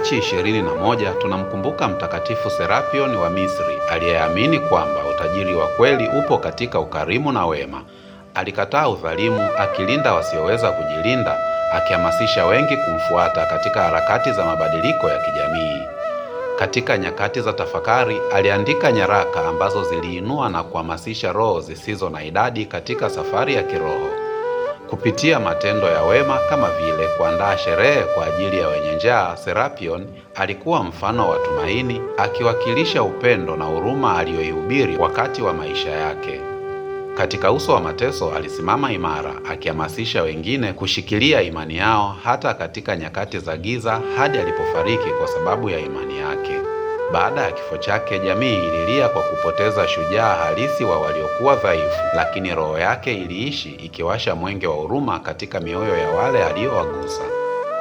Machi 21 tunamkumbuka Mtakatifu serapion wa Misri aliyeamini kwamba utajiri wa kweli upo katika ukarimu na wema. Alikataa udhalimu, akilinda wasioweza kujilinda, akihamasisha wengi kumfuata katika harakati za mabadiliko ya kijamii. Katika nyakati za tafakari, aliandika nyaraka ambazo ziliinua na kuhamasisha roho zisizo na idadi katika safari ya kiroho kupitia matendo ya wema kama vile kuandaa sherehe kwa ajili ya wenye njaa. Serapion alikuwa mfano wa tumaini, akiwakilisha upendo na huruma aliyoihubiri wakati wa maisha yake. Katika uso wa mateso alisimama imara, akihamasisha wengine kushikilia imani yao hata katika nyakati za giza, hadi alipofariki kwa sababu ya imani yake. Baada ya kifo chake, jamii ililia kwa kupoteza shujaa halisi wa waliokuwa dhaifu, lakini roho yake iliishi ikiwasha mwenge wa huruma katika mioyo ya wale aliyowagusa.